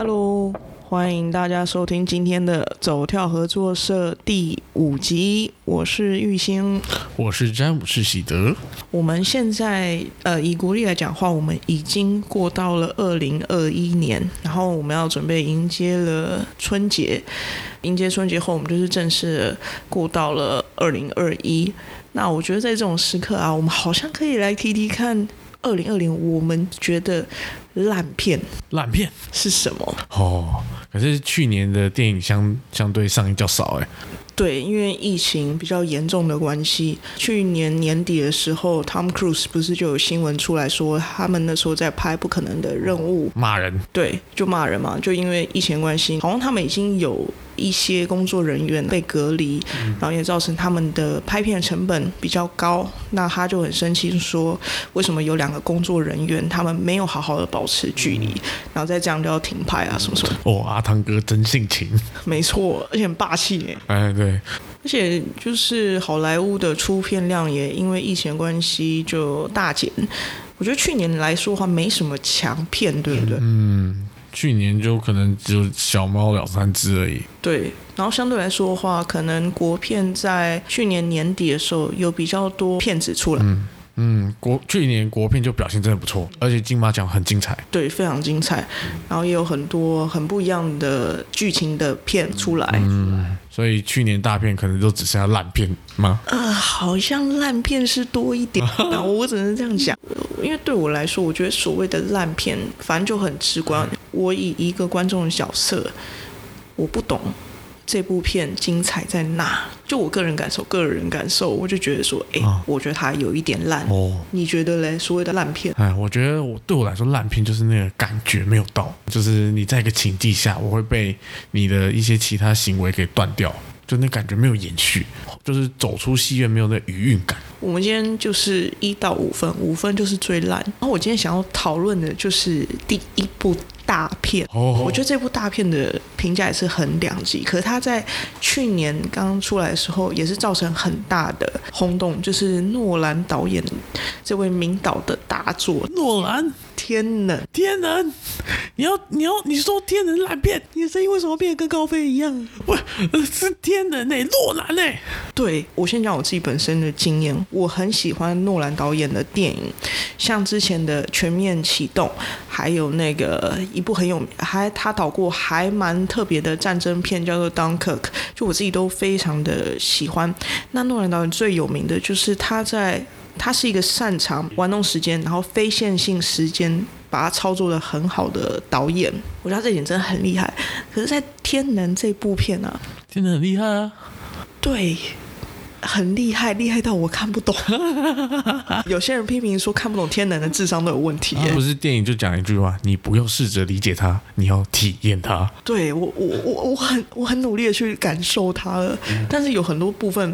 Hello，歡迎大家收聽今天的走跳合作社第五集。我是喻歆，我是詹姆士喜德。我們現在呃，以國曆來講話，我們已經過到了二零二一年，然後我們要準備迎接了春節。迎接春節後，我們就是正式過到了二零二一。那我覺得在這種時刻啊，我們好像可以來提提看二零二零，我們覺得。爛片，爛片是什麼？哦，可是去年的電影相相對上映較少、欸，哎，對，因為疫情比較嚴重的關係。去年年底的時候，Tom Cruise 不是就有新聞出來說，他們那時候在拍《不可能的任務》，罵人，對，就罵人嘛，就因為疫情的關係，好像他們已經有一些工作人員被隔離，嗯、然後也造成他們的拍片的成本比較高。那他就很生氣說，為什麼有兩個工作人員，他們沒有好好的保持。持距離、嗯，然後再這樣就要停拍啊，什麼什麼。哦，阿湯哥真性情，沒錯，而且很霸氣。哎，對。而且就是好萊塢的出片量也因為疫情關係就大減。我覺得去年來說的話，沒什麼強片，對不對？嗯，嗯，去年就可能只有小貓兩三只而已。對，然後相對來說的話，可能國片在去年年底的時候有比較多片子出來。嗯。嗯，國去年國片就表現真的不錯，而且金馬獎很精彩，對，非常精彩，嗯，然後也有很多很不一樣的劇情的片出來。嗯，所以去年大片可能都只剩下爛片嗎？呃，好像爛片是多一點，我只能這樣講， 因為對我來說，我覺得所謂的爛片，反正就很直觀。嗯，我以一個觀眾的角色，我不懂這部片精彩在哪？就我個人感受，個人感受，我就覺得說，誒、欸，啊，我覺得它有一點爛。哦，你覺得嘞？所謂的爛片？哎，我覺得我對我來說爛片就是那個感覺沒有到，就是你在一個情境下，我會被你的一些其他行為給斷掉，就那感覺沒有延續，就是走出戲院沒有那餘韻感。我們今天就是一到五分，五分就是最爛。然後我今天想要討論的就是第一部。大片，oh. 我覺得這部大片的評價也是很兩極。可他在去年剛剛出來的時候，也是造成很大的轟動，就是諾蘭導演這位名導的大作。諾蘭？天能，天能，你要，你要你說天能爛片，你的聲音為什麼變得跟高飛一樣？不，是 天能呢、欸。諾蘭呢？對，我先講我自己本身的經驗，我很喜歡諾蘭導演的電影，像之前的《全面啟動》，還有那個一部很有名還他導過還蠻特別的戰爭片叫做《Dunkirk》，就我自己都非常的喜歡。那諾蘭導演最有名的就是他在。他是一個擅長玩弄時間，然後非線性時間把它操作得很好的導演，我覺得他這一點真的很厲害。可是，在《天能》這部片啊，天能真的很厲害啊！對。很厲害，厲害到我看不懂。 有些人批評說看不懂天能的智商都有問題，啊。不是電影就講一句話，你不用試着理解它，你要體驗它。對，我，我，我，我很，我很努力的去感受它了，嗯。但是有很多部分，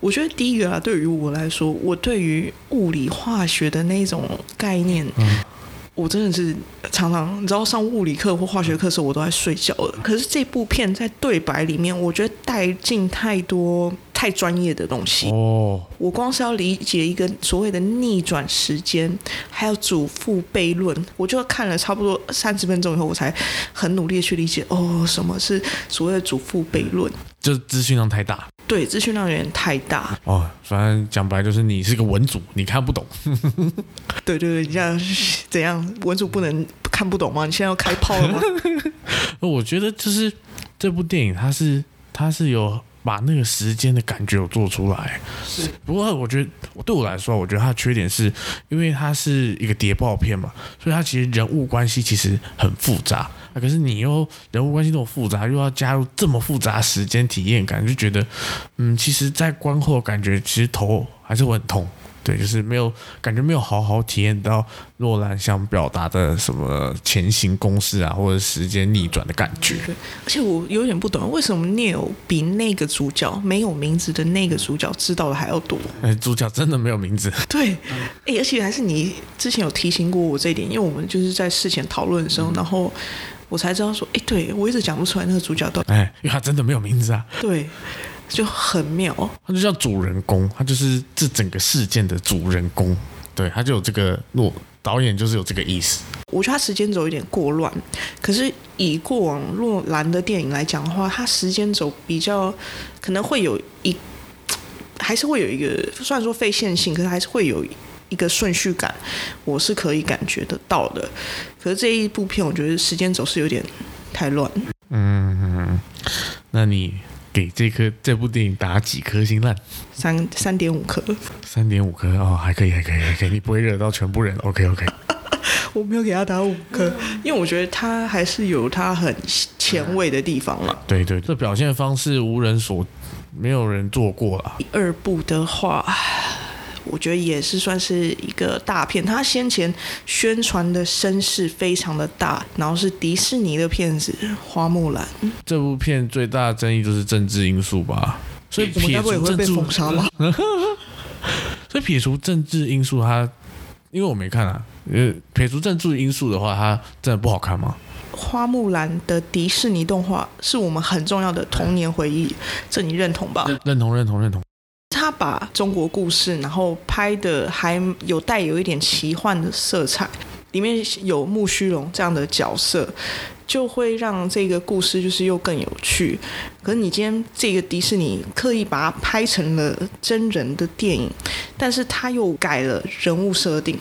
我覺得第一個啊，對於我來說，我對於物理化學的那種概念，嗯，我真的是常常你知道上物理課或化學課的時候，我都在睡覺了。可是這部片在對白裡面，我覺得帶進太多。太專業的東西哦，我光是要理解一個所謂的逆轉時間，還有祖父悖論，我就看了差不多三十分鐘以後，我才很努力去理解哦、oh，什麼是所謂的祖父悖論？就是資訊量太大，對，資訊量有點太大哦。反正講白就是你是個文組，你看不懂。 對對對，你這樣怎樣？文組不能看不懂嗎？你現在要開炮了嗎？ 我覺得就是這部電影它，它是它是有。把那個時間的感覺有做出來，是。不過我覺得，對我來說，我覺得它的缺點是因為它是一個諜報片嘛，所以它其實人物關係其實很複雜啊。可是你又人物關係那麼複雜，又要加入這麼複雜時間體驗感，就覺得，嗯，其實在觀後感覺其實頭還是會很痛。對，就是沒有感覺，沒有好好體驗到諾蘭想表達的什麼鉗形攻勢啊，或者時間逆轉的感覺。對，對，而且我有點不懂，為什麼 Neil 比那個主角沒有名字的那個主角知道的還要多？哎，主角真的沒有名字。對，哎、嗯，而且還是你之前有提醒過我這一點，因為我們就是在事前討論的時候，嗯、然後我才知道說，哎，對，我一直講不出來那個主角都哎，因為他真的沒有名字啊。對。就很妙，他就叫主人公，他就是這整個事件的主人公。對，他就有這個諾導演就是有這個意思。我覺得他時間軸有點過亂，可是以過往諾蘭的電影來講的話，他時間軸比較可能會有一，還是會有一個，雖然說非線性，可是還是會有一個順序感，我是可以感覺得到的。可是這一部片，我覺得時間軸是有點太亂。嗯，那你？給這顆這部電影打幾顆星爛？三三點五顆，三點五顆哦，還可以，還可以，還可以，你不會惹到全部人 ，OK OK。 我沒有給他打五顆，因為我覺得他還是有他很前衛的地方嘛。嗯、對，對對，這表現方式無人所，沒有人做過了。第二部的話。我覺得也是算是一個大片，他先前宣傳的聲勢非常的大，然後是迪士尼的片子《花木蘭》。這部片最大的爭議就是政治因素吧，所以我們該不會也會被封殺吧？所以撇除政治因素，它因為我沒看啊，呃，撇除政治因素的話，它真的不好看嗎？《花木蘭》的迪士尼動畫是我們很重要的童年回憶，這你認同吧？認同，認同，認同。他把中國故事，然後拍的，還有帶有一點奇幻的色彩，裡面有木須龍這樣的角色，就會讓這個故事就是又更有趣。可是你今天這個迪士尼刻意把它拍成了真人的電影，但是他又改了人物設定。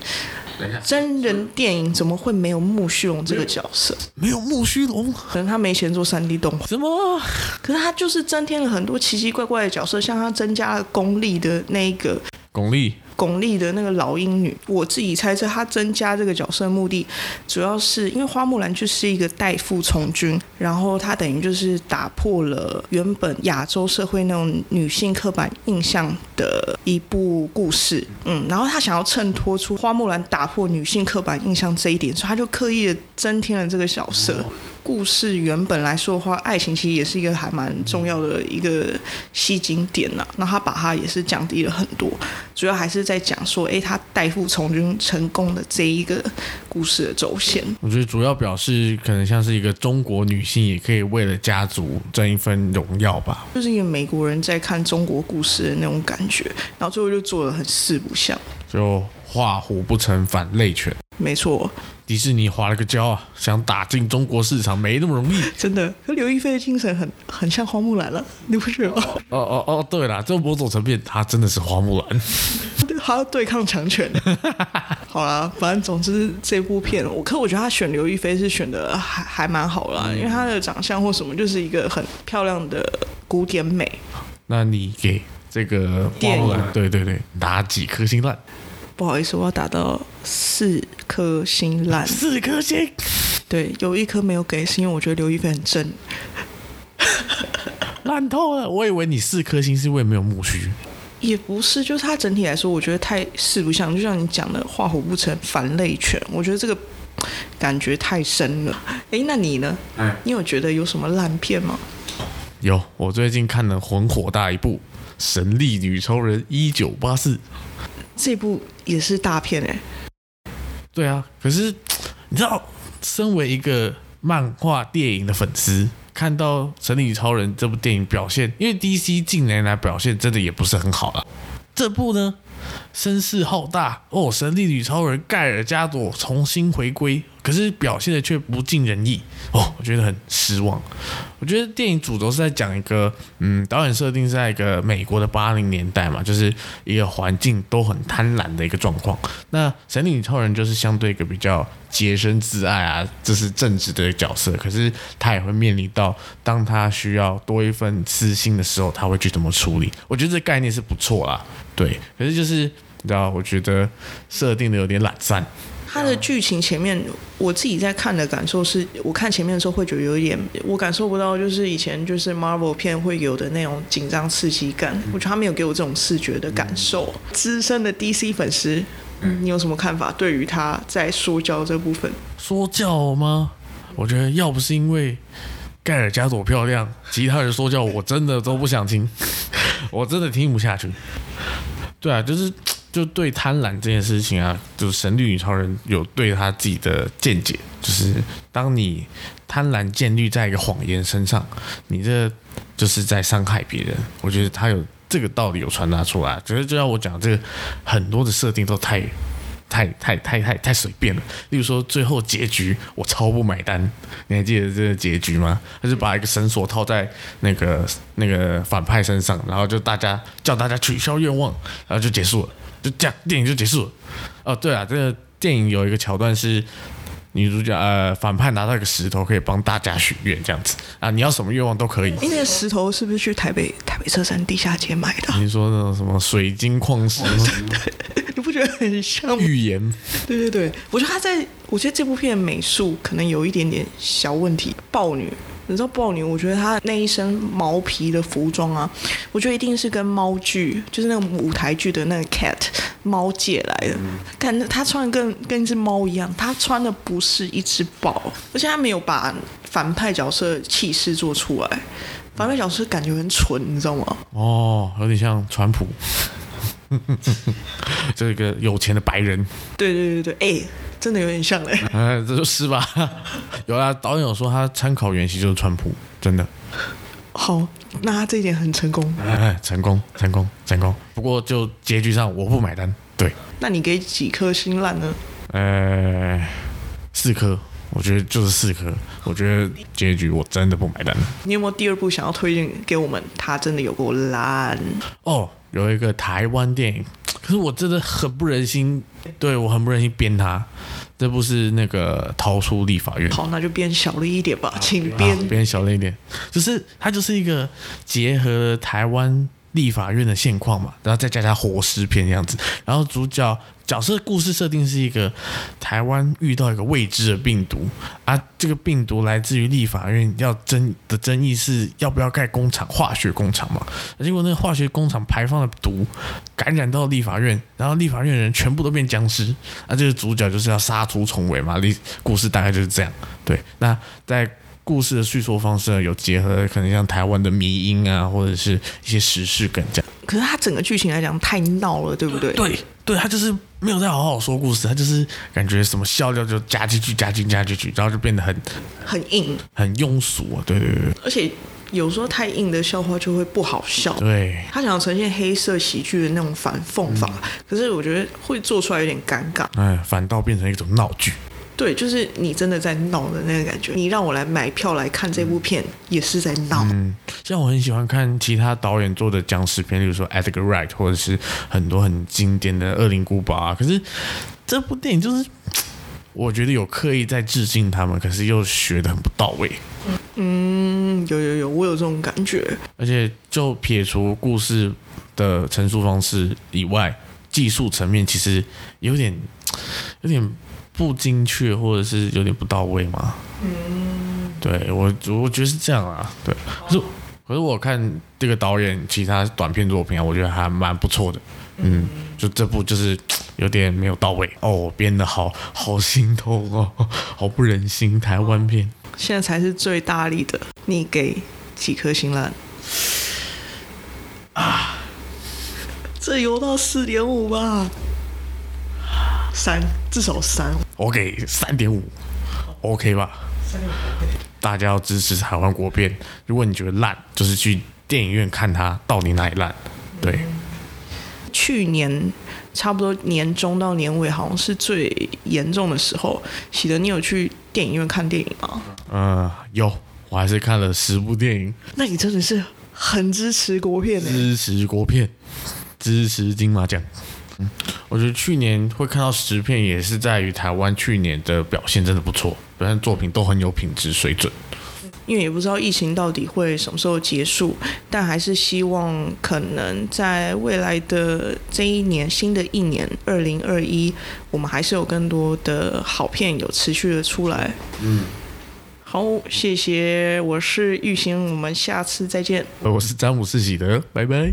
真人電影怎麼會沒有木須龍這個角色？沒有木須龍，可能他沒錢做 3D 動畫。怎麼、啊？可是他就是增添了很多奇奇怪怪的角色，像他增加了鞏俐的那一個。鞏俐。鞏俐的那個老鷹女，我自己猜測她增加這個角色的目的，主要是因為花木蘭就是一個代父從軍，然後她等於就是打破了原本亞洲社會那種女性刻板印象的一部故事，嗯，然後她想要襯托出花木蘭打破女性刻板印象這一點，所以她就刻意的增添了這個角色。故事原本來說的話，愛情其實也是一個還蠻重要的一個吸睛點吶。那他把它也是降低了很多，主要還是在講說，哎、欸，他代父從軍成功的這一個故事的軸線。我覺得主要表示，可能像是一個中國女性也可以為了家族爭一份榮耀吧。就是因為美國人在看中國故事的那種感覺，然後最後就做了很四不像，就畫虎不成反類犬。沒錯。迪士尼滑了個跤啊，想打進中國市場沒那麼容易。真的，可劉亦菲的精神很很像花木蘭了、啊，你不覺得哦哦哦，oh, oh, oh, oh, 對了，這某種層面，它真的是花木蘭，她要對，對抗強權。 好啦，反正總之這部片，我可我覺得他選劉亦菲是選的還還蠻好啦，嗯、因為她的長相或什麼就是一個很漂亮的古典美。那你給這個花木蘭電影，對對對，拿幾顆星爛？不好意思，我要打到四顆星爛。四顆星？對，有一顆沒有給，是因為我覺得劉亦菲很真。爛 透了，我以為你四顆星是因為沒有木須。也不是，就是它整體來說，我覺得太四不像，就像你講的“畫虎不成反類犬”，我覺得這個感覺太深了。哎、欸，那你呢、欸？你有覺得有什麼爛片嗎？有，我最近看了《魂火》大一部《神力女超人1984》一九八四。這部也是大片哎、欸，對啊，可是你知道，身為一個漫畫電影的粉絲，看到《神力女超人》這部電影表現，因為 DC 近年來表現真的也不是很好了、啊。這部呢，聲勢浩大哦，《神力女超人》蓋爾加朵重新回歸。可是表現的卻不盡人意哦，oh，我覺得很失望。我覺得電影主軸是在講一個，嗯，導演設定在一個美國的八零年代嘛，就是一個環境都很貪婪的一個狀況。那神力女超人就是相對一個比較潔身自愛啊，這是正直的角色。可是他也會面臨到，當他需要多一份私心的時候，他會去怎麼處理？我覺得這個概念是不錯啦，對。可是就是你知道，我覺得設定的有點懶散。他的劇情前面，我自己在看的感受是，我看前面的時候會覺得有一點，我感受不到就是以前就是 Marvel 片會有的那種緊張刺激感。我覺得他沒有給我這種刺激的感受。資深的 DC 粉絲，你有什麼看法？對於他在說教這部分，說教嗎？我覺得要不是因為蓋爾加朵漂亮，其他人說教我真的都不想聽，我真的聽不下去。對啊，就是。就對貪婪這件事情啊，就是神力女超人有對她自己的見解，就是當你貪婪建立在一個謊言身上，你這就是在傷害別人。我覺得她有這個道理有傳達出來。覺得就像我講的這個，很多的設定都太太太太太太隨便了。例如說最後結局，我超不買單。你還記得這個結局嗎？他就把一個繩索套在那個那個反派身上，然後就大家叫大家取消願望，然後就結束了。就這樣，電影就結束了。哦，對啊，這個電影有一個橋段是女主角呃，反派拿到一個石頭，可以幫大家許願，這樣子啊，你要什麼願望都可以。因為石頭是不是去台北台北車站地下街買的？你說那種什麼水晶礦石什麼什麼對對對，你不覺得很像預言？對對對，我覺得他在，我覺得這部片美術可能有一點點小問題。豹女。你知道豹女？我覺得她那一身毛皮的服裝啊，我覺得一定是跟貓劇，就是那種舞台劇的那個 cat 貓借來的。但她穿的跟跟一隻貓一樣，她穿的不是一隻豹，而且她沒有把反派角色氣勢做出來，反派角色感覺很蠢，你知道嗎？哦，有點像川普， 這個有錢的白人。對對對對，哎、欸。真的有點像嘞、欸，哎，這就是吧。有啊，導演有說他參考原型就是川普，真的。好，那他這一點很成功。哎，哎成功，成功，成功。不過就結局上，我不買單。對。那你給幾顆星爛呢？呃、哎，四顆，我覺得就是四顆。我覺得結局我真的不買單。你有沒有第二部想要推薦給我們？他真的有夠爛哦，有一個台灣電影。可是我真的很不忍心，對我很不忍心編他，這不是那個逃出立法院。好，那就編小了一點吧，請編。編小了一點，就是他就是一個結合台灣立法院的現況嘛，然後再加加活屍片這樣子，然後主角角色故事設定是一個台灣遇到一個未知的病毒啊，這個病毒來自於立法院，要爭的爭議是要不要蓋工廠化學工廠嘛，結果那個化學工廠排放的毒感染到立法院，然後立法院的人全部都變殭屍，那這個主角就是要殺出重圍嘛，立故事大概就是這樣，對，那在。故事的敘說方式有結合，可能像台灣的迷因啊，或者是一些時事，感，這樣。可是他整個劇情來講太鬧了，對不對？對，對他就是沒有再好好說故事，他就是感覺什麼笑料就加進去，加進加進去，然後就變得很很硬，很庸俗，啊。對，對對，而且有時候太硬的笑話就會不好笑。對，他想要呈現黑色喜劇的那種反諷法，嗯，可是我覺得會做出來有點尷尬。哎，反倒變成一種鬧劇。對，就是你真的在鬧的那個感覺。你讓我來買票來看這部片，嗯、也是在鬧。嗯，像我很喜歡看其他導演做的殭屍片，例如說 Edgar Wright，或者是很多很經典的《惡靈古堡》啊。可是這部電影就是，我覺得有刻意在致敬他們，可是又學得很不到位。嗯，有有有，我有這種感覺。而且就撇除故事的陳述方式以外，技術層面其實有點，有點。不精確，或者是有點不到位嗎？嗯，對，我，我覺得是這樣啊。對，哦、可是可是我看這個導演其他短片作品啊，我覺得還蠻不錯的嗯。嗯，就這部就是有點沒有到位哦，編得好好心痛哦，好不忍心。台灣片、哦、現在才是最大力的，你給幾顆星了？啊， 這有到四點五吧。三，至少三。OK，三點五，OK 吧。三點五。大家要支持台灣國片。如果你覺得爛，就是去電影院看它到底哪裡爛。對。嗯、去年差不多年中到年尾，好像是最嚴重的時候。喜德，你有去電影院看電影嗎？嗯、呃，有，我還是看了十部電影。那你真的是很支持國片呢、欸。支持國片，支持金馬獎。嗯，我覺得去年會看到十片，也是在於台灣去年的表現真的不錯，不然作品都很有品質水準。因為也不知道疫情到底會什麼時候結束，但還是希望可能在未來的這一年，新的一年二零二一，2021, 我們還是有更多的好片有持續的出來。嗯，好，謝謝，我是喻歆，我們下次再見。我是詹姆士喜德，拜拜。